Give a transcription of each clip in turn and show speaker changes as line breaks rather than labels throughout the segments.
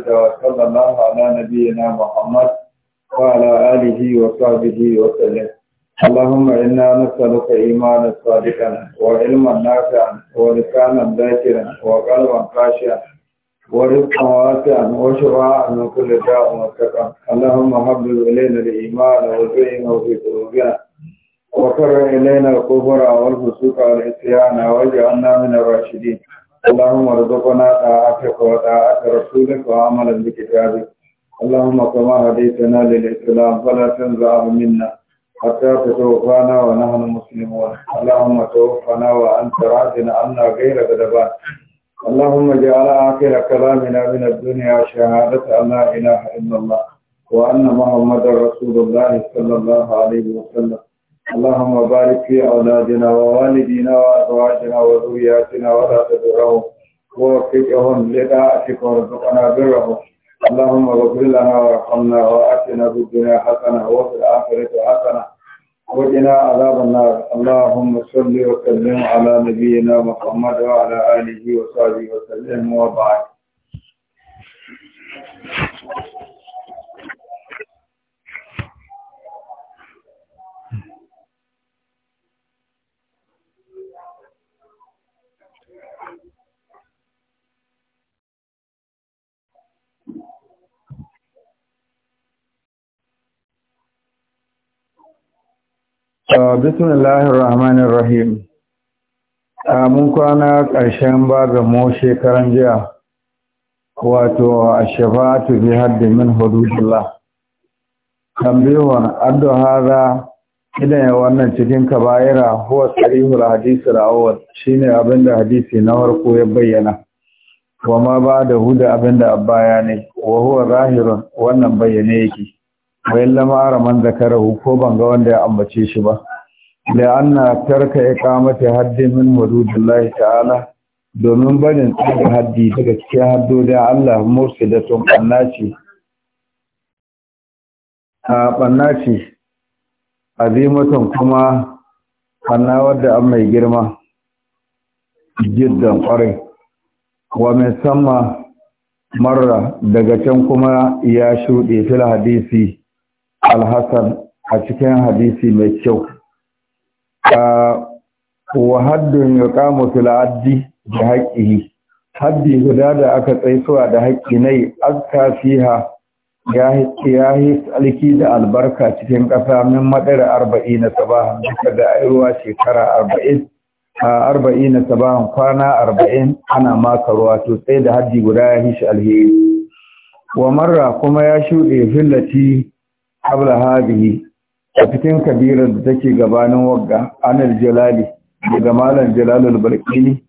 da sallallahu ala nabiyyina Muhammad wa ala alihi wa sahbihi wa sallam. Allahumma inna nas'aluka imanan sadiqan wa ilman nafi'an wa lisanan dakiran wa qalban khashi'an wa rizqan wasi'an wa shura'an min kulli da'in wa sakan. Allahumma habbib ilayna al-iman wa zayyinhu fi qulubina wa qarr ilayna al-kufra wal fusuqa wal isyana waj'alna min ar اللهم ارزقنا طاعتك وطاعة رسولك وعملا بكتابك اللهم كما هديتنا للإسلام فلا تنزعه منا حتى تتوفانا ونحن مسلمون اللهم توفنا وأنت راضنا عنا غير غضبان اللهم اجعل آخر كلامنا من الدنيا شهادة أن لا إله إلا الله وأن محمدا رسول الله صلى الله عليه وسلم اللهم بارك في أولادنا ووالدينا وأزواجنا وذرياتنا ولا تدرهم ووفقهم لطاعتك وارزقنا برهم اللهم اغفر لنا وارحمنا وآتنا في الدنيا حسنة وفي الآخرة حسنة وقنا عذاب النار اللهم صل وسلم على نبينا محمد وعلى آله وصحبه وسلم وبعد
bismillahir rahmanir rahim
mun kwana ƙarshen babin mu shekaran jiya wato ashafatu bi haddi min hududillah tambihun addu hadha idan wannan cikin kaba'ira huwa sarihul hadisi al shine abinda hadisi na farko ya bayyana wa ma ba da huda abinda abaya ne wa huwa zahirun wannan bayyane yake wayan lamara man zakarahu ko ban ga wanda ya ambace shi ba la anna tarka iqamati haddi min hududillahi ta'ala domin barin tsaga haddi daga cikin haddodin Allah mursidatun bannaci a bannaci azimatun kuma banna wadda an mai girma jiddan kwarai wa mai sama marra daga can kuma ya shuɗe fil hadisi al-hasan a cikin hadisi mai kyau wa haddun ya kama fil'addi da haƙƙi haddi guda da aka tsaisuwa da haƙƙi nai aska fiha ya yi tsalki da albarka cikin ƙasa min maɗara arba'i na sabahan duka da airuwa shekara arba'in arba'i na sabahan kwana arba'in ana maka ruwa to tsaye da haddi guda ya shi alheri wa marra kuma ya shuɗe fillaci qabla hadihi a cikin kabirar da take gabanin wagga anil jalali daga malam jalalul barkini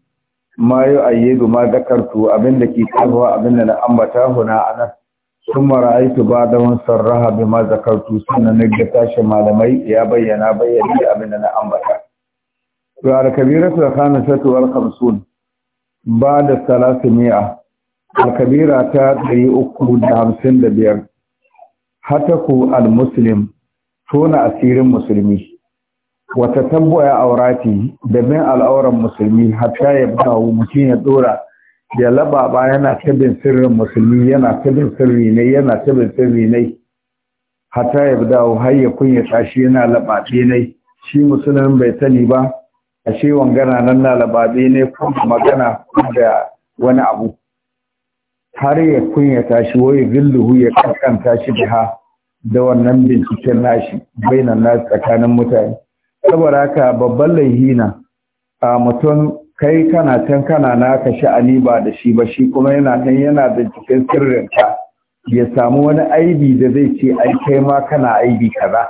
ma yi ayyidu ma dakartu abinda ke abin abinda na ambata huna nan. sun aiki ba da wani sarraha bi ma zakartu sannan na ga tashin malamai ya bayyana bayyana abinda na ambata wa al-kabiratu al-khamisatu wal-khamsun ba da salasimiya al-kabira ta 355 hataku al-muslim tona asirin musulmi wata tabbaya aurati da bin al'auran musulmi hatta ya bawo mutum ya dora ya ba yana tabin sirrin musulmi yana tabin sirri ne yana tabin sirri ne hatta ya dawo har ya kunya tashi yana lababe ne shi musulmin bai sani ba ashe wangana nan na lababe ne kuma magana da wani abu har ya kunyata shi wai gilluhu ya kankanta shi biha da wannan binciken nashi bainan nasu tsakanin mutane saboda haka babban laihi na a mutum kai kana can kana naka sha'ani ba da shi ba shi kuma yana nan yana da binciken sirrinka ya samu wani aibi da zai ce ai kai ma kana aibi kaza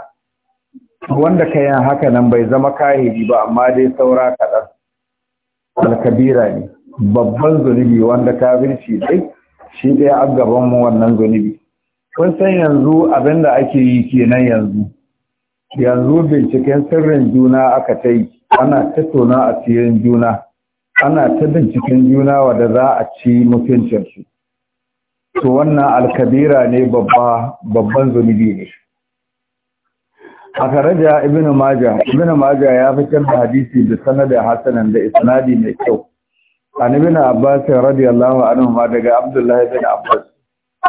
wanda ka yin haka nan bai zama kahiri ba amma dai saura kaɗan alkabira ne babban zunubi wanda kafirci dai shi ɗaya a gabanmu wannan zunubi kun san yanzu abin da ake yi kenan yanzu yanzu binciken sirrin juna aka ta yi ana tattauna a siyan juna ana ta binciken juna wadda za a ci mutuncinsu to wannan alkabira ne babba babban zunubi ne a karaja ibn Majah, ibn Majah ya fitar da hadisi da da hasanan da isnadi mai kyau annabi na abbas radiyallahu anhu ma daga abdullahi bin abbas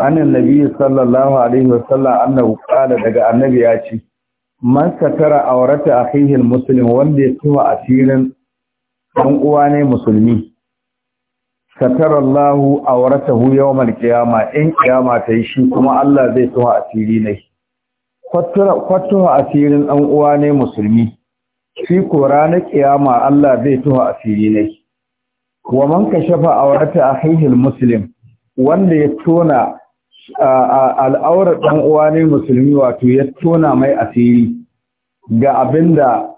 annan nabi sallallahu alaihi wasallam annahu qala daga annabi ya ce man satara aurata akhihi almuslim wanda ya tuwa asirin dan uwa ne musulmi satara Allahu auratahu yawmal qiyama in kiyama ta yi shi kuma Allah zai tuwa asiri ne kwatuwa asirin dan uwa ne musulmi shi ko ranar qiyama Allah zai tuwa asiri ne wa man kashafa awrata akhihi muslim wanda ya tona al'aurar dan uwa ne musulmi wato ya tona mai asiri ga abinda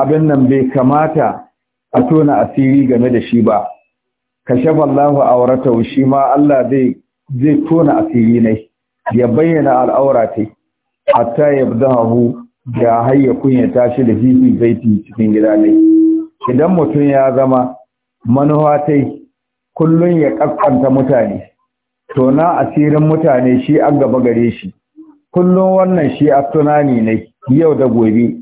abin nan bai kamata a tona asiri game da shi ba kashafa Allahu awrata shi ma Allah zai zai tona asiri ne ya bayyana al'aura ta hatta yabdahu da hayya kunya tashi da hifi baiti cikin gida ne idan mutum ya zama manuwa kullum kullum ya kaskanta mutane to na asirin mutane shi an gaba gare shi Kullum wannan shi a tunani ne yau da gobe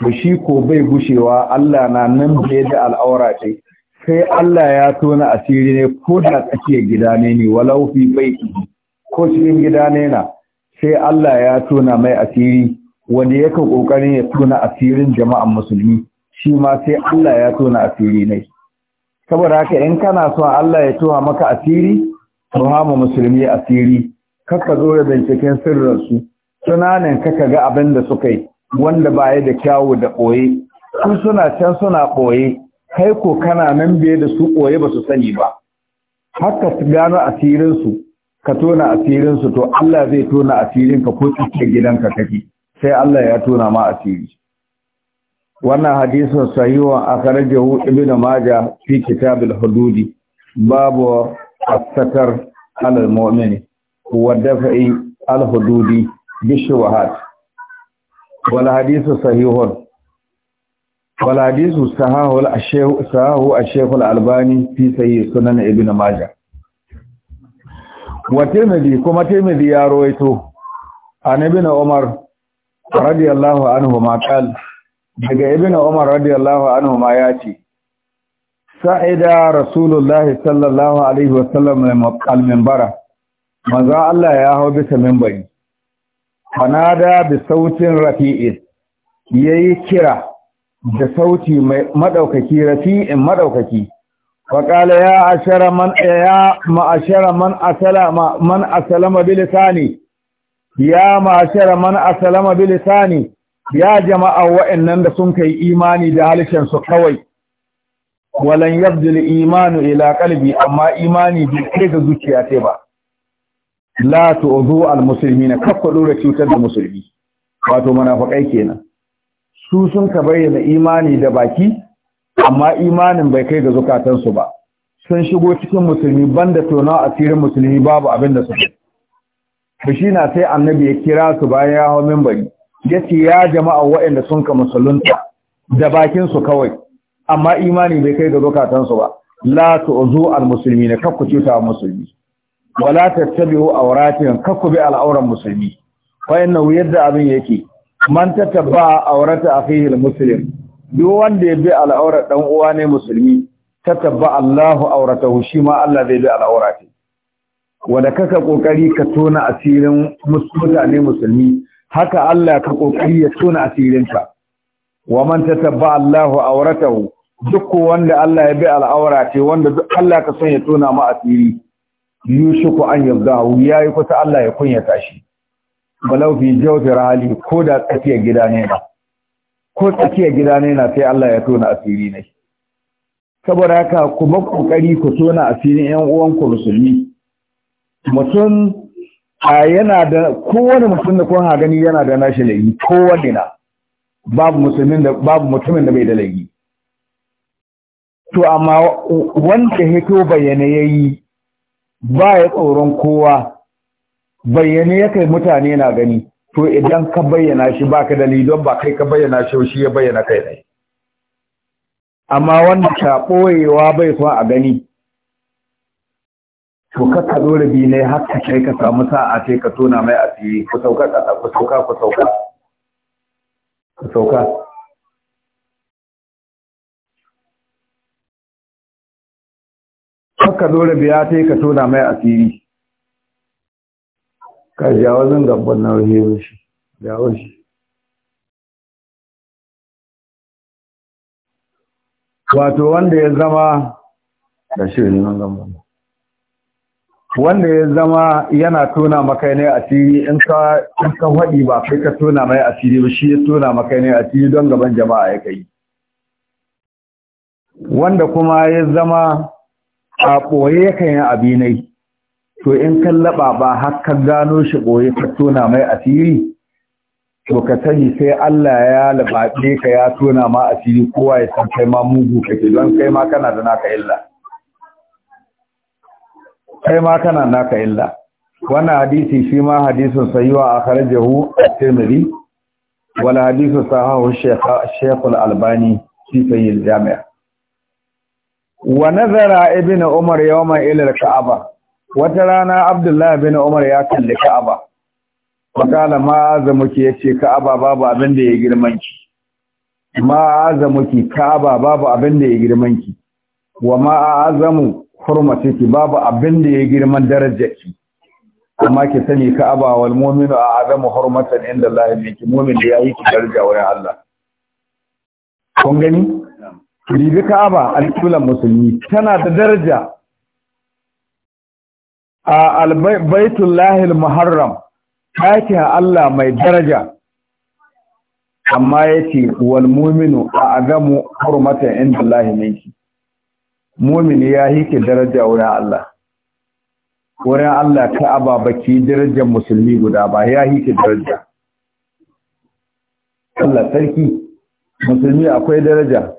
to shi ko bai gushewa Allah na nan biye da al'aura ce sai Allah ya tona asiri ne ko da tsakiyar gida ne ne walau fi bai ko cikin gida ne na sai Allah ya tona mai asiri wanda yaka ƙoƙarin ya tona asirin jama'an musulmi shi ma sai Allah ya tona asiri ne saboda haka in kana so Allah ya tuha maka asiri tuhama musulmi asiri kakka zo da binciken sirrinsu tunanin kaka ga abin da suka yi wanda ba ya da kyawu da ɓoye su suna can suna ɓoye kai ko kana nan biye da su boye ba su sani ba haka su gano asirinsu ka tona asirinsu to Allah zai tona asirinka ko tsakiyar gidanka kake sai Allah ya tona ma asiri wannan hadisin sahiwa akhrajahu ibnu majah fi kitab al-hududi babu as-satar al-mu'min wa daf'i al-hududi bishuwahat wal hadisu sahihun wal hadisu sahahu al-shaykh sahahu al-shaykh al-albani fi sahih sunan ibnu majah wa tirmidhi kuma tirmidhi ya rawaito an ibnu umar radiyallahu anhu ma qala daga ibn umar radiyallahu anhu ma ya ce sa'ida rasulullahi sallallahu alaihi wasallam maqal minbara manzo Allah ya hau bisa minbari fanada bi sautin rafi'in yayi kira da sauti mai madaukaki rafi'in madaukaki wa qala ya ashara man ya ashara man asalama man asalama bi lisani ya ashara man asalama bi lisani ya jama'a wa'annan da sun kai imani da halishin su kawai walan yabdil imanu ila qalbi amma imani bai kai ga zuciya sai ba la tu'dhu al muslimina kafa dora cutar da musulmi wato munafikai kenan su sun ka bayyana imani da baki amma imanin bai kai ga zukatan su ba sun shigo cikin musulmi banda tona asirin musulmi babu abin da su shi na sai annabi ya kira su bayan ya hawo minbari ya ce ya jama'a waɗanda sun ka musulunta da bakinsu kawai amma imani bai kai ga zukatansu ba la tu'zu al-muslimina kakku cuta musulmi wala tattabi'u awratihim kakku bi al musulmi fa innahu yadda abin yake man tatabba awrata akhihi al-muslim duk wanda ya bi al ɗan dan uwa ne musulmi tatabba Allahu awratahu shi ma Allah zai bi al-awrati wanda kaka kokari ka tona asirin mutane musulmi haka Allah ka kokari ya tona asirinka wa man tatabba Allahu awratahu duk wanda Allah ya bi al'aura ce wanda duk Allah ka son ya tona ma asiri yushuku an yabdahu yayi kusa Allah ya kunyata shi balau fi jawfir hali ko da tsakiya gida ne na ko tsakiya gida na sai Allah ya tona asiri ne saboda haka ku ba kokari ku tona asirin ƴan uwan ku musulmi mutum a yana da kowane mutum da kowane gani yana da nashi laifi kowane na babu musulmin da babu mutumin da bai da laifi to amma wanda hito bayyane yayi ba ya tsoron kowa bayyane ya kai mutane na gani to idan ka bayyana shi ba baka dalili don ba kai ka bayyana shi shi ya bayyana kai ne amma wanda ta boyewa bai son a gani to ka zo rabi ne har ka kai ka samu sa'a sai ka tona mai asiri ku sauka ƙasa ku sauka ku sauka
ku sauka kakka zo biya ya sai ka tona mai asiri ka jawo zan gaban na rahewa shi jawo shi wato wanda ya zama da shirin nan gabban. wanda ya zama
yana tona maka ne a tiri in ka in ka ba kai ka tona mai a tiri ba shi ya tona maka ne a tiri don gaban jama'a ya kai wanda kuma ya zama a boye kan yi abinai to in kan laba ba har ka gano shi boye ka tona mai a tiri to ka sani sai Allah ya labaɗe ka ya tona ma a tiri kowa ya san kai ma mugu kake don kai ma kana da naka illa kai ma kana naka illa wannan hadisi shi ma hadisin sayuwa a kharajahu at-tirmidhi wal hadisu sahahu shaykh al-albani fi sahih al-jami' wa nazara ibn umar yawma ila al-ka'aba wata rana abdullah ibn umar ya kalli ka'aba fakala ma azamuki yace ka'aba babu abin da ya ki ma azamuki ka'aba babu abin da ya ki wa ma azamu ce ki babu abin da ya girman darajarki amma ki sani ka aba wal mu'minu a azamu hurmatan inda Allah ne ki mu'min da yayi ki daraja wurin Allah kun gani ribi aba alƙiblan musulmi tana da daraja a albaitul lahil muharram ɗaki Allah mai daraja amma yace wal mu'minu a azamu hurmatan inda Allah ne ki mumini ya hike daraja wurin Allah wurin Allah ka'aba baki darajar musulmi guda ba ya hike daraja Allah sarki musulmi akwai daraja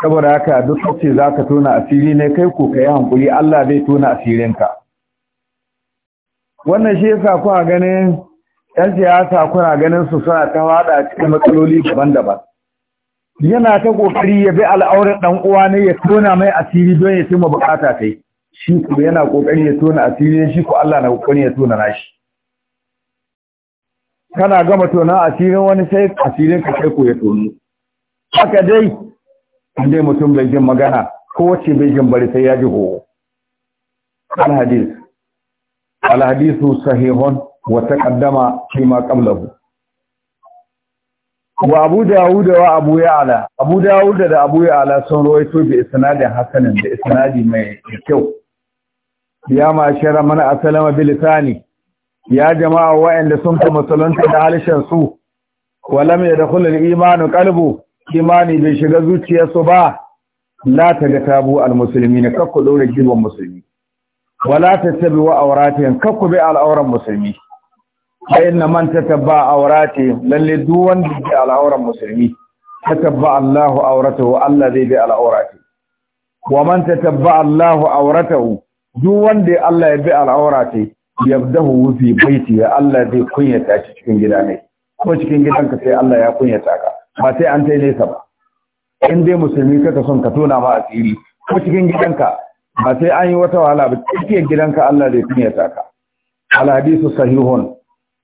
saboda haka duk za zaka tona asiri ne kai ko kai hankuri Allah zai tona asirinka wannan shi yasa kuka ganin yan siyasa kuna ganin su suna ta wada cikin matsaloli daban-daban yana ta kokari ya bi al'aurar dan uwa ne ya tona mai asiri don ya cimma bukata kai shi ko yana kokari ya tona asiri shi ko Allah na kokari ya tona nashi kana gama tona asirin wani sai asirin ka kai ko ya tono haka dai dai mutum bai jin magana ko wacce bai jin bari sai ya ji ho al hadith al hadithu sahihun wa taqaddama fima qablahu wa abu dawud wa abu ya'la abu dawud da abu ya'la sun rawaito bi isnadin hasanin da isnadi mai kyau ya ma shara mana asalama bil tani ya jama'a wa'anda sun fi musulunta da halishan su lam yadkhul al-iman qalbu imani bai shiga zuciyarsu ba la taga tabu al-muslimin kakku dore giban musulmi wala tattabi wa awratihin kakku bi al-awran musulmi fa inna man tatabba awrati lalle duk wanda ke al'auran musulmi tatabba Allahu awratahu Allah zai bi al'aurati wa man tatabba Allahu awratahu duk wanda Allah ya bi al'aurati yabdahu fi baiti ya Allah zai kunyata shi cikin gida ne ko cikin gidanka sai Allah ya kunyata ka ba sai an tai nesa ba in dai musulmi kaka son ka tona ma asiri ko cikin gidanka ba sai an yi wata wahala ba cikin gidanka Allah zai kunyata ka al hadisu sahihun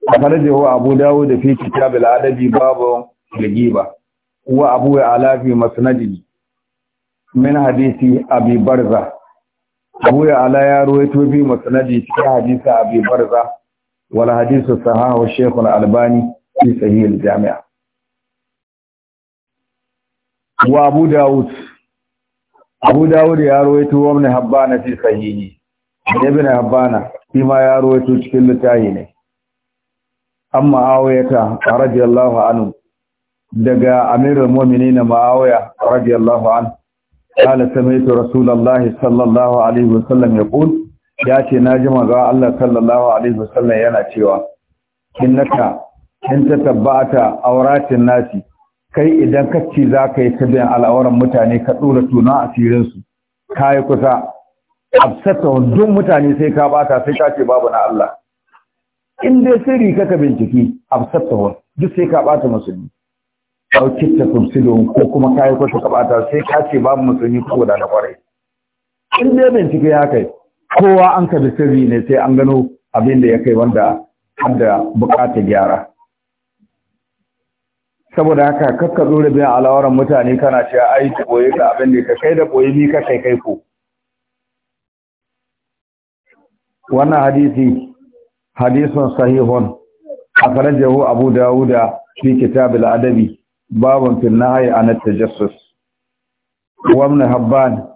akhrajahu abu dawud fi kitab al-adabi babu al-ghiba wa abu ala fi masnadihi min hadisi abi abu ala ya ruwaito fi masnadi cikin hadisi abi barza wal hadisu sahahu shaykh al-albani fi sahih al-jami' wa abu dawud abu dawud ya ruwaito wa ibn habbana fi sahihi ibn habbana ma ya ruwaito cikin littafi ne an ma'awiyata radiyallahu anhu daga amirul mu'minin ma'awiya radiyallahu anhu qala sami'tu Rasulallah sallallahu alaihi wasallam yaqul ya ce na ji manzo Allah sallallahu alaihi wasallam yana cewa In innaka in tatabbata auratin nasi kai idan kacci za ka yi ta al'auran mutane ka ɗora tuna a firinsu ka yi kusa absata duk mutane sai ka bata sai ka ce babu na Allah in dai sirri kaka binciki absattahu duk sai ka bata musulmi au kitta tumsidon ko kuma kai ko ka bata sai ka ce babu musulmi ko da na kwarai in dai bincike ya kai kowa an ka sirri ne sai an gano abin da ya kai wanda har da bukata gyara saboda haka kakka zo biyan alawaran mutane kana cewa ai ta boye ka abin da ka kai da boye ni ka kai kai ko wannan hadisi hadisun sahihun akhrajahu abu dawuda fi kitab al-adabi babun fil nahyi an at-tajassus wa ibn habban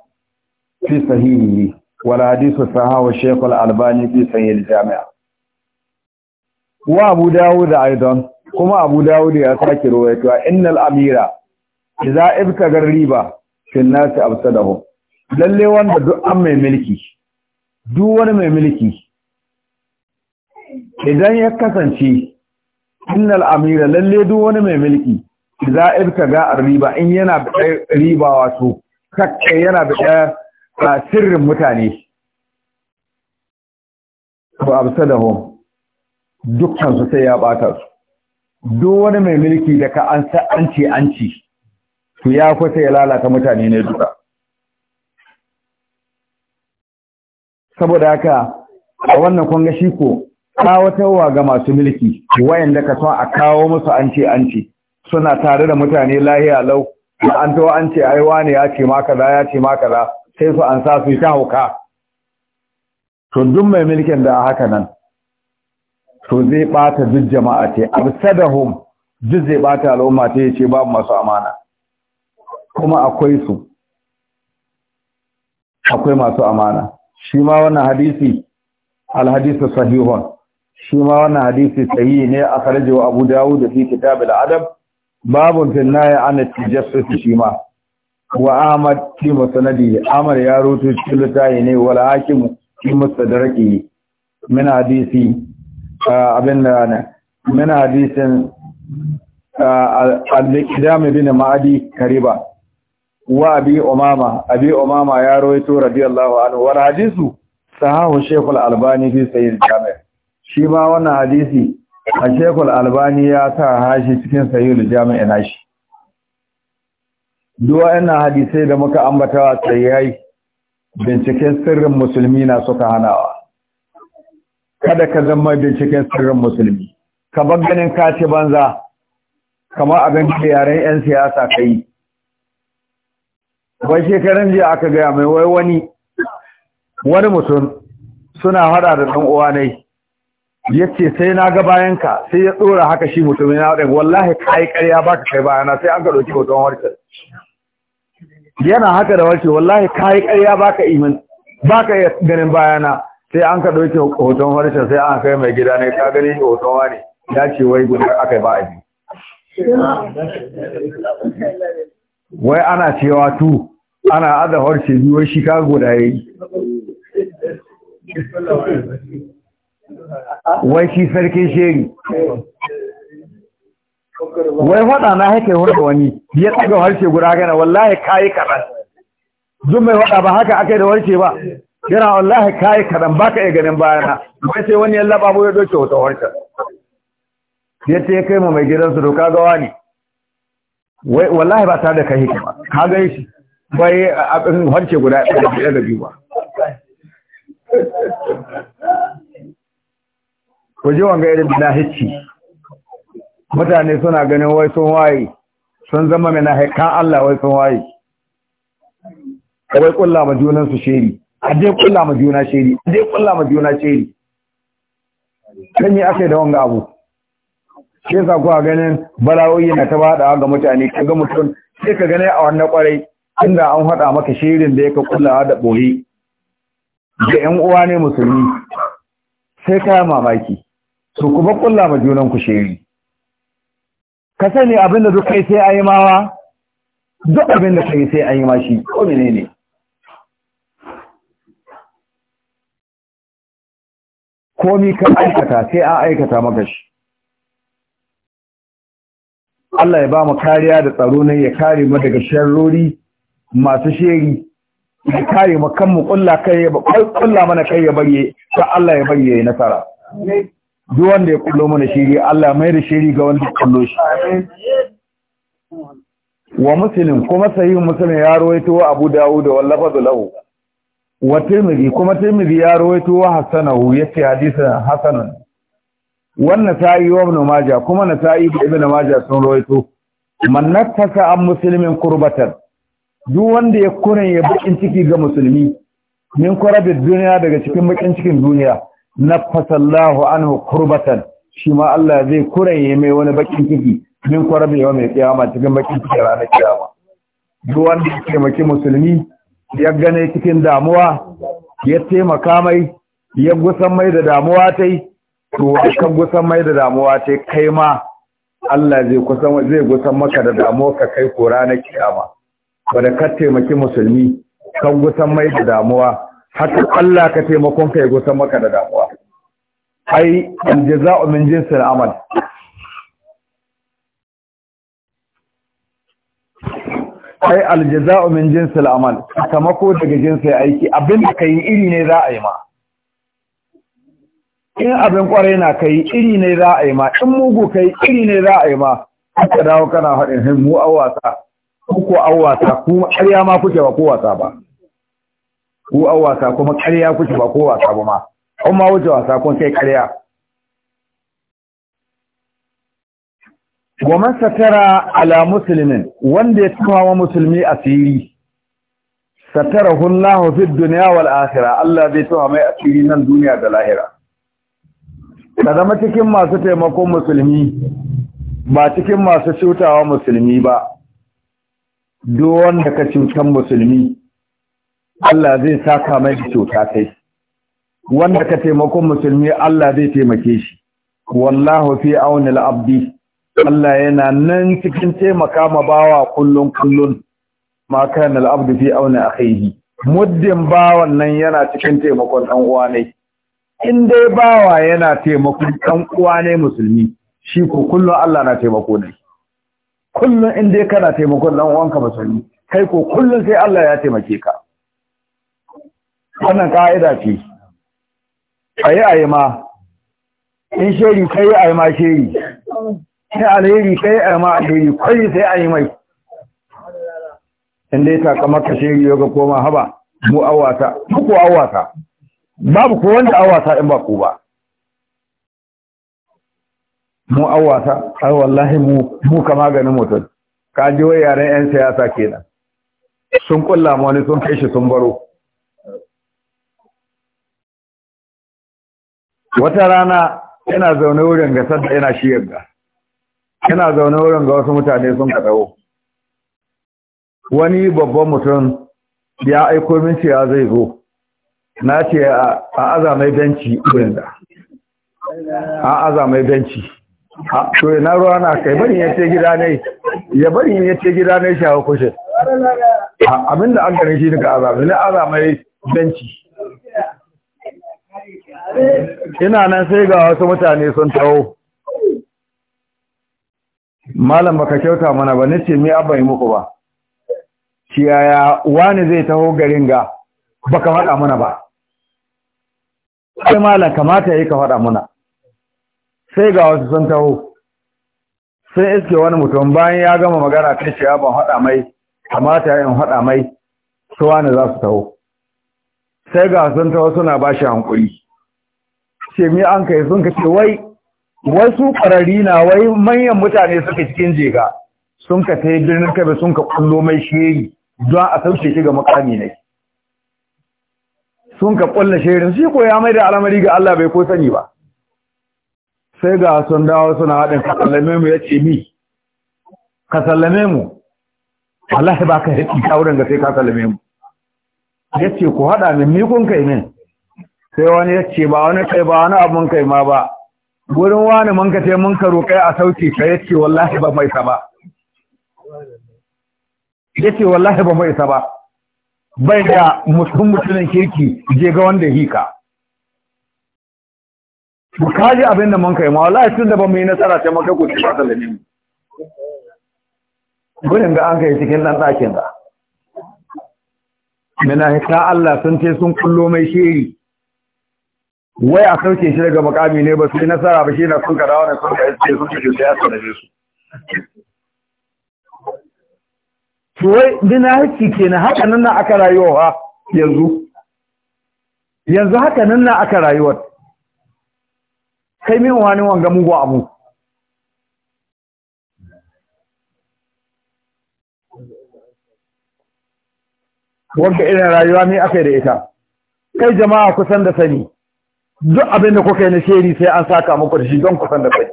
fi sahihihi wal hadithu sahahu shaykh al-albani fi sahih al-jami' wa abu dawuda aidan kuma abu dawuda ya sake rawaito innal amira idza ibtagar riba fil nasi absadahu lalle wanda duk an mai mulki duk wani mai mulki idan ya kasance innal amira lalle duk wani mai mulki za ibka ga riba in yana da riba wato kakka yana da sirrin mutane to absadahum dukkan su sai ya bata su duk wani mai mulki da ka an sa an ce an ci to ya kwata ya lalata mutane ne duka saboda haka a wannan kun ga shi ko kawatarwa ga masu mulki wayanda ka so a kawo musu an ce an ce suna tare da mutane lahiya lau da an tawa an ce ai wane ya ce ma kaza ya ce ma kaza sai su an sa su ta hauka to duk mai mulkin da haka nan to zai bata duk jama'a ce absadahum duk zai bata al'umma ta yace babu masu amana kuma akwai su akwai masu amana shi ma wannan hadisi alhadisu sahihun shi ma wannan hadisi sahihi ne a farjewa abu dawud fi kitab al-adab babun fil nahy an tajassus shi ma wa ahmad fi musnadi amr ya rutu cikin ne wal hakim fi mustadraki min hadisi abin da ne min hadisin al ikdam bin ma'adi kariba wa abi umama abi umama ya rawaito radiyallahu anhu wal hadisu sahahu shaykh al-albani fi sayyid jami' shi ma wannan hadisi a shekul albani ya sa hashi cikin sayul jami'in nashi. duwa yana hadisai da muka ambata ambatawa tsayayi binciken sirrin musulmi na suka hanawa kada ka zama binciken sirrin musulmi ka bar ganin kaci banza kamar abin da yaren 'yan siyasa ka yi wai shekaran jiya aka gaya mai wai wani wani mutum suna hada da ɗan uwa ne ya ce sai na ga bayan ka sai ya dora haka shi mutum na waɗanda wallahi ka yi ƙarya ba ka kai bayana sai an ka doki hoton warkar yana haka da warke wallahi ka yi ƙarya ba ka imin ba ka ganin bayana sai an ka doki hoton warkar sai an kai mai gida ne ka gani hoton wani ya ce wai guda akai ba a wai ana cewa tu ana adda harshe biyu shi ka guda ya
wai shi sarkin sheri wai faɗa na haka yi hulɗa wani
ya tsaga harshe guda gana wallahi kayi kaɗan zun mai faɗa ba haka aka yi da harshe ba yana wallahi kayi kaɗan ba ka iya ganin bayana wai sai wani ya babu ya doke wata harshen ya ce ya kai ma mai gidansu doka gawa ne wallahi ba ta da kai hikima ka ga shi bai abin harshe guda ɗaya da biyu ba ku wanga irin bilahici mutane suna ganin wai sun waye sun zama mai nahikan Allah wai sun waye kawai kulla ma junan su sheri a dai kulla ma juna sheri a dai kulla ma juna sheri kan yi aka da wanga abu shi sa kuwa ganin bala'o'i na ta bada ga mutane kaga mutum sai ka gane a wannan kwarai inda an haɗa maka shirin da yake kullawa da ɓoye ga ‘yan uwa ne musulmi sai kaya mamaki to kuma kulla ma junan ku shiri ka sani
abin da duk kai sai ayi mawa duk abin da kai sai ayi yi mashi ko menene komi ka aikata sai an aikata maka shi
Allah ya ba mu kariya da tsaro ne ya kare mu daga sharrori masu sheri ya kare mu kanmu mu kulla kai ya kulla mana kai ya bari ta Allah ya bari ya yi nasara duk wanda ya kullo mana shiri Allah mai da shiri ga wanda kullo shi wa muslim kuma sai muslim ya rawaito Abu Dawud wa lafadhu lahu wa Tirmidhi kuma Tirmidhi ya rawaito wa hasanahu yace hadisan hasanan wannan sa'i wa Ibn Majah kuma Nasa'i da Ibn Majah sun rawaito man nattaka an muslimin qurbatan duk wanda ya kunan ya bakin ciki ga musulmi min qurabid duniya daga cikin bakin cikin duniya nafasallahu anhu kurbatan shi ma Allah zai kuranye mai wani bakin ciki min kwarabe wa mai kiyama cikin bakin ciki ranar kiyama duk wanda ya taimaki musulmi ya gane cikin damuwa ya taimaka mai ya gusan mai da damuwa ta yi to ka gusan mai da damuwa ta yi kai ma Allah zai gusan maka da damuwa ka kai ko ranar kiyama wanda ka taimaki musulmi ka gusan mai da damuwa hatta Allah ka taimakon ka ya gusa maka da damuwa ai aljaza'u min jinsil amal ai aljaza'u min jinsil amal sakamako daga jinsin aiki abin da kai iri ne za a yi ma in abin kwarai na kai iri ne za a yi ma in mugu kai iri ne za a yi ma ka dawo kana haɗin mu an wasa ko an wasa kuma ƙarya ma kuke ba ko wasa ba ku an wasa kuma karya kuke ba ko wasa ba ma an ma wuce wasa kun sai karya wa satara ala muslimin wanda ya tuma wa musulmi asiri satara hullahu fi dunya wal akhirah Allah zai tuma mai asiri nan duniya da lahira ka zama cikin masu taimakon musulmi ba cikin masu cutawa musulmi ba duk wanda ka cutan musulmi Allah zai saka mai kyauta kai wanda ka taimakon musulmi Allah zai taimake shi wallahu fi auni al-abdi Allah yana nan cikin taimaka ma bawa kullun kullun ma kana al-abdu fi auni akhihi muddin bawan nan yana cikin taimakon dan uwa ne in dai bawa yana taimakon dan uwa ne musulmi shi ko kullun Allah na taimako ne kullun in dai kana taimakon dan uwanka musulmi kai ko kullun sai Allah ya taimake ka wannan ka'ida ce a yi ma in sheri ka yi a ma sheri in alheri kai yi a yi ma alheri kai sai a yi mai inda ya kamar ka sheri ya ga koma haba mu awata muku awata babu ko wanda awata in ba ku ba mu awata ai wallahi mu mu kama ganin motar. ka ji wai yaren yan siyasa kenan sun kulla mu sun kai shi sun baro wata rana yana zaune wurin ga sanda yana shi ga yana zaune wurin ga wasu mutane sun ka dawo wani babban mutum ya aiko min cewa zai zo na ce a aza mai benci wurin da a aza mai benci to na ruwa na kai bari ya ce gida ne ya bari ya ce gida ne shawo kushe abinda an gane shi daga aza mai benci ina nan sai ga wasu mutane sun taho malam baka kyauta mana ba nace me abba yi muku ba ciyaya wani zai taho garin ga baka faɗa mana ba sai malam kamata yayi ka faɗa mana sai ga wasu sun taho sai iske wani mutum bayan ya gama magana kai shi ban faɗa mai kamata yayin faɗa mai su wani za su taho sai ga sun taho suna ba shi hankuri ce mi an kai sun ka ce wai wasu ƙwararri na wai manyan mutane suka cikin jega sun ka ta birnin kabe sun ka kullo mai shiri don a sauke shi ga makami ne sun ka kulla shirin shi ko ya mai da al'amari ga Allah bai ko sani ba sai ga sun dawo suna haɗin ka sallame mu ya ce mi ka sallame mu Allah ba ka haɗi ta wurin ga sai ka sallame mu ya ce ku haɗa min ni kun kai min sai wani ya ce ba wani kai ba wani abin kai ma ba gurin wani mun ka mun ka roƙai a sauki ka ya ce wallahi ba mai ba ya ce wallahi ba mai ba bai da mutum mutumin kirki je ga wanda hika ku kaji abin da mun kai ma wallahi tun da ba mu yi nasara ta maka ku ci ba salamin gurin da an kai cikin dan ɗakin da mina hita Allah sun ce sun kullo mai shiri wai a sauke shi daga makami ne ba su yi nasara ba shi na sun kada
wani sun kai ce sun kashe sai aka dafe su
su wai dina ke na haka nan na aka rayuwa yanzu yanzu haka nan na aka rayuwar
kai min wani wanga mugu abu wanka irin
rayuwa ne aka yi da ita kai jama'a kusan da sani duk abin da kuka yi na sheri sai an saka muku da shi don kusan da kai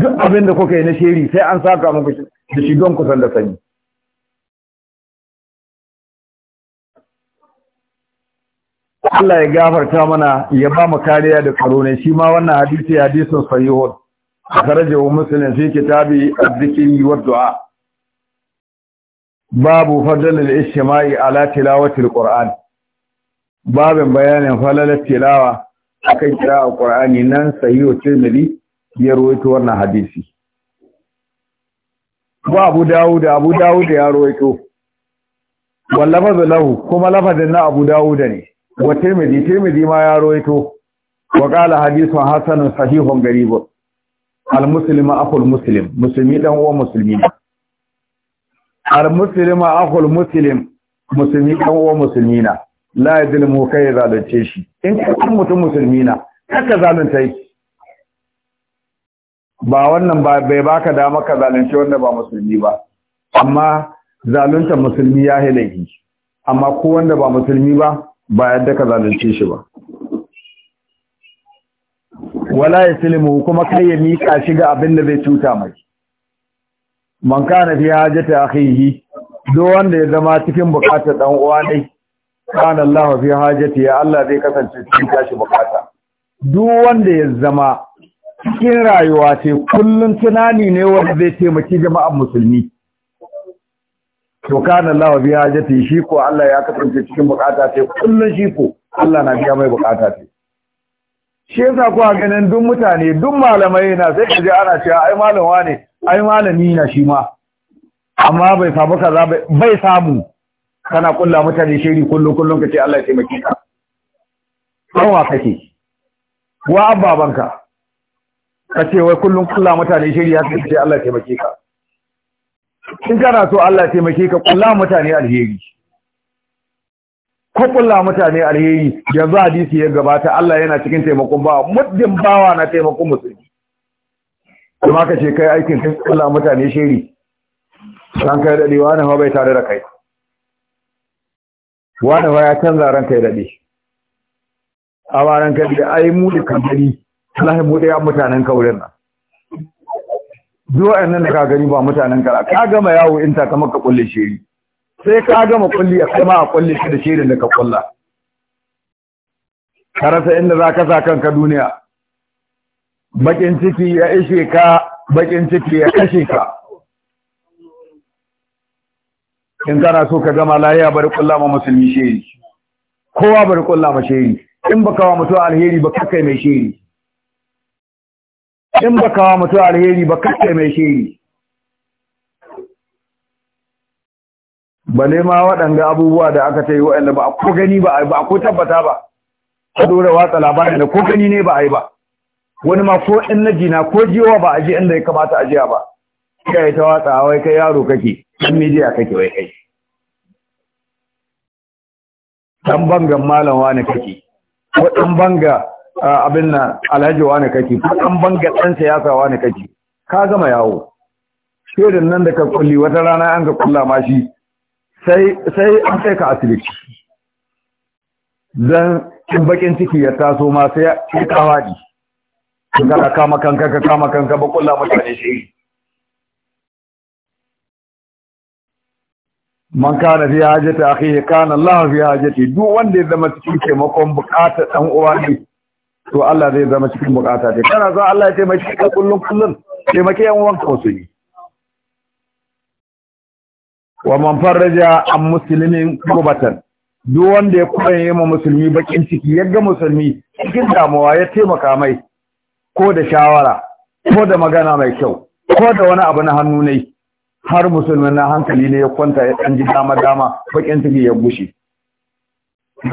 duk
abin da kuka yi na sheri sai an saka muku da shi don kusan da sani Allah ya gafarta
mana ya ba mu kariya da tsaro ne shi ma wannan hadisi hadisin sahih sahihun wa muslimin fi kitabi az-zikri wa du'a babu fadl al-ishma'i ala tilawati al-qur'an babin bayanin falalar tilawa akan kira a ƙur'ani nan sahihu tirmidhi ya rawaito wannan hadisi ko abu dawud abu dawud ya rawaito da lahu kuma lafazin na abu dawud ne wa tirmidhi tirmidhi ma ya rawaito wa qala hadithun hasanun sahihun garibun al-muslimu akhul muslim musulmi dan uwan musulmi al-muslimu akhul muslim musulmi dan uwan muslimina la ya zilmu kai ya zalunce shi in ka mutum musulmi na kaka zalunta yake ba wannan ba bai baka dama ka zalunci wanda ba musulmi ba amma zalunta musulmi ya hilahi amma ko wanda ba musulmi ba ba yadda ka zalunce shi ba wala yaslimu kuma kai ya mika shi ga abin da zai cuta mai man kana fi hajata akhihi do wanda ya zama cikin bukatar dan uwa ne kan Allah fi hajati ya Allah zai kasance cikin tashi bukata duk wanda ya zama cikin rayuwa ce kullun tunani ne wanda zai taimaki jama'an musulmi to kan Allah fi hajati shi ko Allah ya kasance cikin bukata ce kullun shi ko Allah na biya mai bukata ce shi yasa kuwa ganin duk mutane duk malamai na sai ka ji ana cewa ai malama ne ai malami na shi ma amma bai samu kaza bai samu kana kulla mutane shiri kullum kullum kace Allah ya taimake ka kawa kake wa ababanka kace wai kullum kulla mutane shiri ya kace Allah ya taimake ka in kana so Allah ya taimake ka kulla mutane alheri ko kulla mutane alheri yanzu hadisi ya gabata Allah yana cikin taimakon bawa muddin bawa na taimakon musulmi kuma kace kai aikin kulla mutane shiri ran kai dadewa na ba bai tare da kai wani wa ya canza ranka ya daɗe ba ranka da ai mu da kankani lahi mu mutanen kaurin nan zuwa nan da ka gani ba mutanen kara ka gama yawo in ta kama ka kulle shiri sai ka gama kulle a kama a kulle shi da shirin da ka kulla ka rasa inda za ka sa kanka duniya bakin ciki ya ishe ka bakin ciki ya kashe ka in kana so ka gama lahiya bari kulla ma musulmi shehi kowa bari kulla ma shehi in ba kawo mutu alheri ba kakkai mai shehi in ba wa mutu alheri ba kakkai mai shehi bale ma waɗanda abubuwa da aka ta yi waɗanda ba ko gani ba a ba ko tabbata ba a dora watsa labarin da ko gani ne ba a yi ba wani ma ko in na jina ko jiwa ba a je inda ya kamata a jiya ba kai ta watsa wai kai yaro kake dan midiya kake wai kai dan bangan malam wani kake ko dan banga abin nan alhaji wani kake ko dan banga dan siyasa wani kake ka gama yawo shirin nan da ka kulli wata rana an ga kulla ma shi sai sai an kai ka asibiti dan in bakin ciki ya taso ma sai ya kawadi ka kama kanka ka kama kanka ba kulla mutane shi man kana fi hajati akhihi kana Allah fi hajati duk wanda ya zama cikin taimakon bukatar dan uwa ne to Allah zai zama cikin bukata ta kana za Allah ya taimake ka kullun kullun taimake yan uwanka wasu ne wa man farraja an muslimin kubatan duk wanda ya yi ma musulmi bakin ciki ya ga musulmi cikin damuwa ya taimaka mai ko da shawara ko da magana mai kyau ko da wani abu na hannu ne har musulmin na hankali ne ya kwanta ya ɗanji ji dama dama bakin ciki ya gushe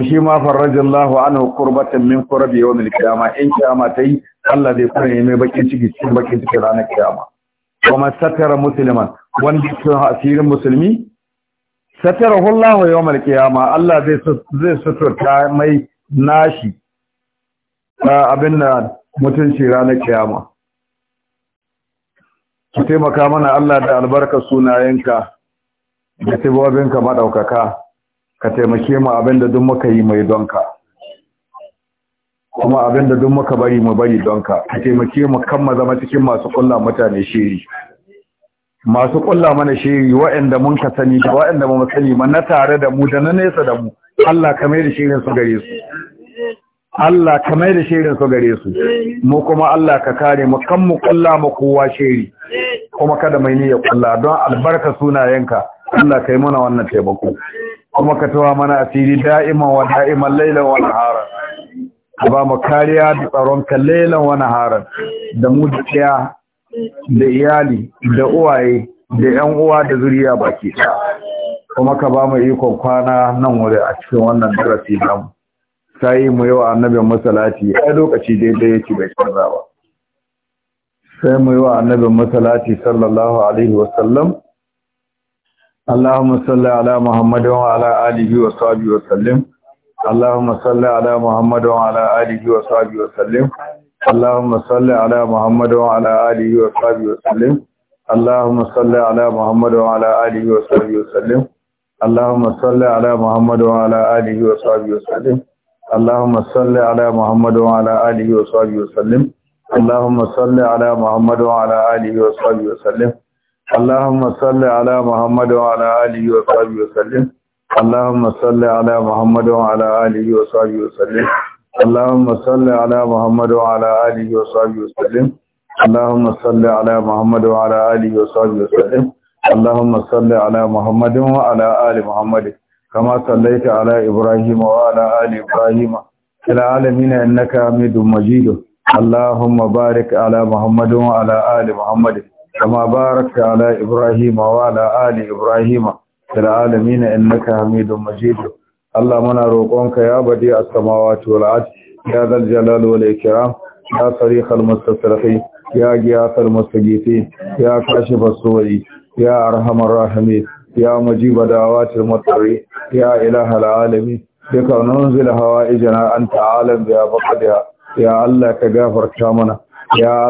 shi ma farrajallahu ana qurbatan min qurbi yawmil kiyama, in kiyama ta yi Allah zai ne mai bakin ciki cikin bakin ciki ranar kiyama kuma satara musulman wanda ke asirin musulmi satarahu Allah yawmil kiyama Allah zai zai suturta mai nashi abin da mutunci ranar kiyama ka taimaka mana Allah da albarkar sunayenka da tibobinka maɗaukaka ka taimake mu abinda duk muka yi mai donka kuma abinda duk muka bari mu bari donka ka taimake mu kan ma zama cikin masu kulla mutane shiri masu kulla mana shiri waɗanda mun ka sani da waɗanda mun mu sani ma na tare da mu da na nesa da mu Allah ka mai da shirin su gare su Allah ka mai da shirin su gare su mu kuma Allah ka kare mu kan mu kulla mu kowa shiri kuma kada mai niyya kulla don albarka sunayenka Allah ka yi mana wannan taimako kuma ka tawa mana asiri da'iman wa da'iman lailan wa nahara ka ba mu kariya da tsaron ka lailan wa nahara da mu da da iyali da uwaye da yan uwa da zuriya baki ɗaya kuma ka ba mu ikon kwana nan wuri a cikin wannan darasi namu sai mu yi wa annabin masalati a lokaci daidai yake bai canza ba sai mu yi wa annabin masalati sallallahu alaihi wa sallam Allahumma salli ala Muhammadin wa ala alihi wa sahbihi wa sallim Allahumma salli ala Muhammadin wa ala alihi wa sahbihi wa sallim Allahumma salli ala Muhammadin wa ala alihi wa sahbihi wa sallim Allahumma salli ala Muhammadin wa ala alihi wa sahbihi wa sallim Allahumma salli ala Muhammadin wa ala alihi wa sahbihi wa sallim اللهم صل على محمد وعلى اله وصحبه وسلم اللهم صل على محمد وعلى اله وصحبه وسلم اللهم صل على محمد وعلى اله وصحبه وسلم اللهم صل على محمد وعلى اله وصحبه وسلم اللهم صل على محمد وعلى اله وصحبه وسلم اللهم صل على محمد وعلى اله وصحبه وسلم اللهم صل على محمد وعلى آل محمد وعلى كما صليت على إبراهيم وعلى آل إبراهيم في العالمين إنك حميد مجيد اللهم بارك على محمد وعلى آل محمد كما باركت على إبراهيم وعلى آل إبراهيم في العالمين إنك حميد مجيد اللهم نروقك يا بديع السماوات والأرض يا ذا الجلال والإكرام يا صريخ المستصرخين يا غياث المستجيثين يا كاشف السوء يا أرحم الراحمين ya ma ji bada a watin madauri, ya a ilaha da alami, duka nunzuna hawa a ija na an ta'alon da ya baka da yawa, ya allah ka gafar ta mana, ya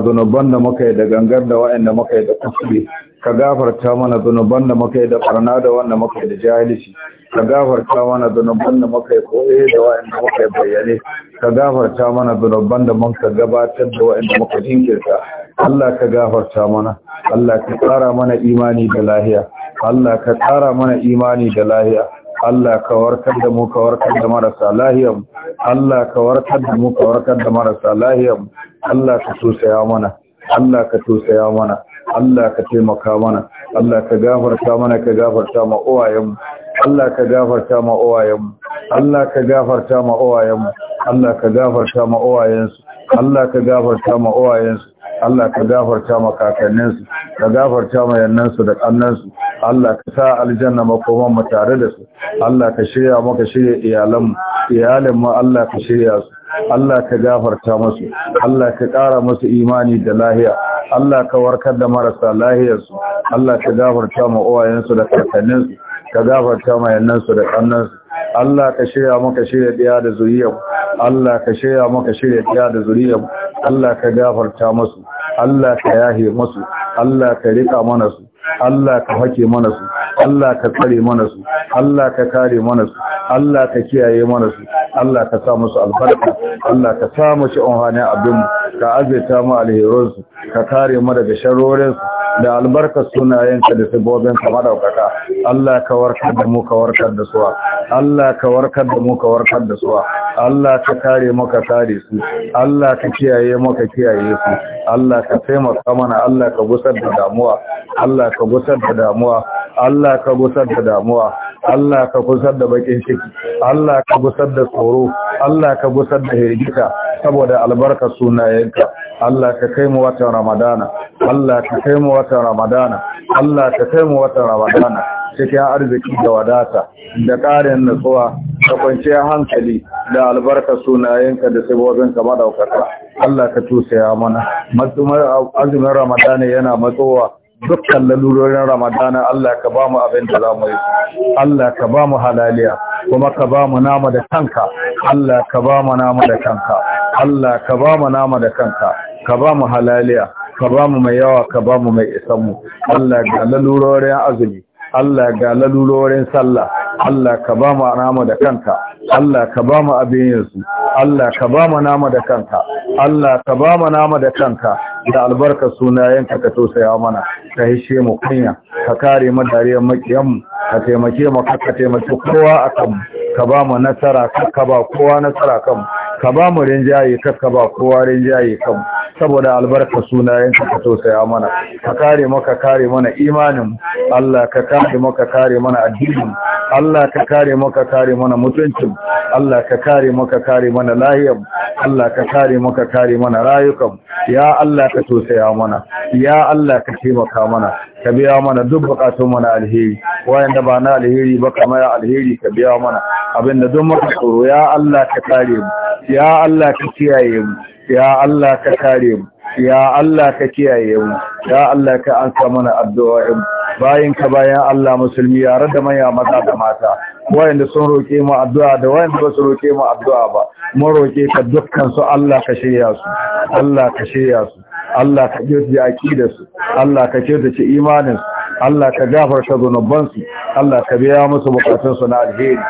da mu yi da gangan da wa'inda mu ka yi da kusbi, ka gafar mana gunobban da mu yi da ƙarna da wanda mu yi da jahilici. ka gafarta mana zunuban da muka yi koye da wa'anda muka yi bayyane ka gafarta mana zunuban da muka gabatar da wa'anda muka jinkirta Allah ka gafarta mana Allah ka tsara mana imani da lahiya Allah ka tsara mana imani da lahiya Allah ka warkar da mu ka warkar da marasa lahiyam Allah ka warkar da mu ka warkar da marasa lahiyam Allah ka tusaya mana Allah ka tusaya mana Allah ka taimaka mana Allah ka gafarta mana ka gafarta ma uwayenmu Allah ka gafarta ma uwayenmu Allah ka gafarta ma uwayenmu Allah ka gafarta ma uwayensu Allah ka gafarta ma uwayensu Allah ka gafarta ma kakanninsu ka gafarta ma yannansu da kannansu Allah ka sa aljanna makoman mu tare da su Allah ka shirya maka shirya iyalanmu iyalan mu Allah ka shirya su Allah ka gafarta musu Allah ka kara musu imani da lahiya Allah ka warkar da marasa lahiyarsu Allah ka gafarta ma uwayensu da kakanninsu ka gafarta ma da kannan Allah ka shirya muka shirya ɗaya da zuriyar Allah ka shirya muka shirya ɗaya da zuriyar Allah ka gafarta musu. Allah ka yahe musu. Allah ka rika mana su Allah ka hake mana su Allah ka tsare mana su Allah ka kare mana su Allah ka kiyaye mana su Allah ka sa musu albarka Allah ka sa mu ci onhanin abinmu ka azirta mu alherinsu ka kare mu daga sharorin da albarkar sunayenka da sabobin ka madaukaka Allah ka warkar da mu ka warkar da su Allah ka warkar da mu ka warkar da su Allah ka kare mu ka kare su Allah ka kiyaye mu ka kiyaye su Allah ka taimaka mana Allah ka gusar da damuwa Allah ka gusar da damuwa Allah ka gusar da damuwa Allah ka gusar da bakin ciki Allah ka gusar da tsoro Allah ka gusar da hirgita saboda albarkar sunayenka Allah ka kai mu watan Ramadana Allah ka kai mu watan Ramadana Allah ka kai mu watan Ramadana cikin arziki da wadata da ƙarin nutsuwa da kwanciyar hankali da albarka sunayenka da sabobinka madaukaka Allah ka ya mana azumin Ramadana yana matsowa dukkan lalurorin ramadana Allah ka ba mu abin da za mu yi Allah ka ba mu halaliya kuma ka ba mu nama da kanka Allah ka ba mu nama da kanka Allah ka ba mu nama da kanka ka ba mu halaliya ka ba mu mai yawa ka ba mu mai isanmu Allah ga lalurorin azumi Allah ga lalurorin sallah Allah ka ba mu nama da kanka Allah ka ba mu abin yanzu Allah ka ba mu nama da kanka Allah ka ba mu nama da kanka da albarka sunayenka ka tausaya mana ka hishe mu kunya ka kare mu dariyar makiyanmu ka taimake mu ka taimake kowa akan mu ka ba mu nasara ka ba kowa nasara kanmu ka ba mu rinjaye ka ba kowa rinjaye kanmu saboda albarka sunayen ka tausaya mana ka kare maka kare mana imanin Allah ka kare maka kare mana addinin Allah ka kare maka kare mana mutuncin Allah ka kare maka kare mana lahiyam. Allah ka kare maka kare mana rayukan ya Allah ka tausaya mana ya Allah ka taimaka mana ka biya mana duk bukatun mana alheri wayanda ba na alheri ba kamar alheri ka biya mana abinda duk muka tsoro ya Allah ka kare mu ya Allah ka kiyaye mu ya Allah ka kare mu ya Allah ka kiyaye mu ya Allah ka ansa mana addu'o'in bayan ka bayan Allah musulmi yare da maya maza da mata wayanda sun roke mu addu'a da wayanda ba su roke mu addu'a ba mun roke ka dukkan su Allah ka shirya su Allah ka shirya su Allah ka kyautace su Allah ka imanin imaninsu Allah ka gafarta zunubansu Allah ka biya musu bukatunsu na alheri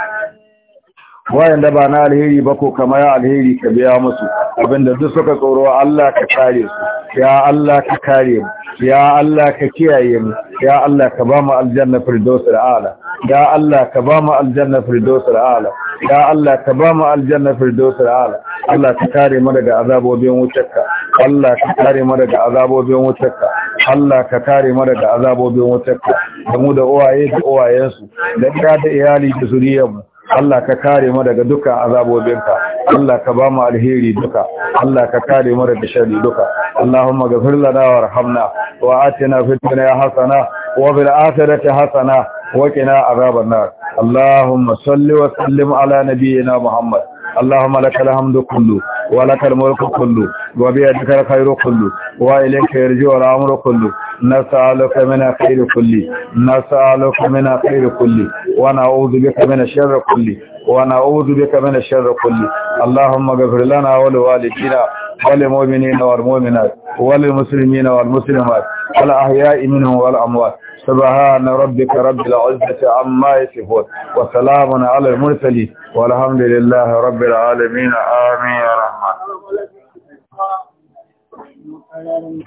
wayanda ba na alheri ba ko kama ya alheri ka biya musu abinda duk suka tsoro Allah ka kare su ya Allah ka kare mu ya Allah ka kiyaye mu ya Allah ka bamu aljanna firdaus ala ya Allah ka bamu aljanna firdaus ala ya Allah ka bamu aljanna firdaus ala Allah ka kare mu daga azabobin wutarka Allah ka kare mu daga azabobin wutarka Allah ka kare mu daga azabobin wutarka da mu da uwaye da uwayensu da da iyali da zuriyarmu Allah ka kare mu daga dukkan azabobinka Allah ka ba mu alheri duka Allah ka kare mu daga sharri duka Allahumma ghfir lana warhamna wa atina fid dunya hasana wa fil akhirati hasana wa qina azaban nar Allahumma salli wa sallim ala nabiyyina Muhammad Allahumma kullu. اللهم لك الحمد kullu. ولك الملك كله kullu wa ilayka yarji'u wa amru kullu. نسألك من خير كله نسألك من خير كله ونعوذ بك من شر كله ونعوذ بك من شر كله اللهم اغفر لنا ولوالدينا وللمؤمنين والمؤمنات وللمسلمين والمسلمات والأحياء منهم والأموات سبحان ربك رب العزة عما يصفون وسلام على المرسلين والحمد لله رب العالمين آمين
يا رحمن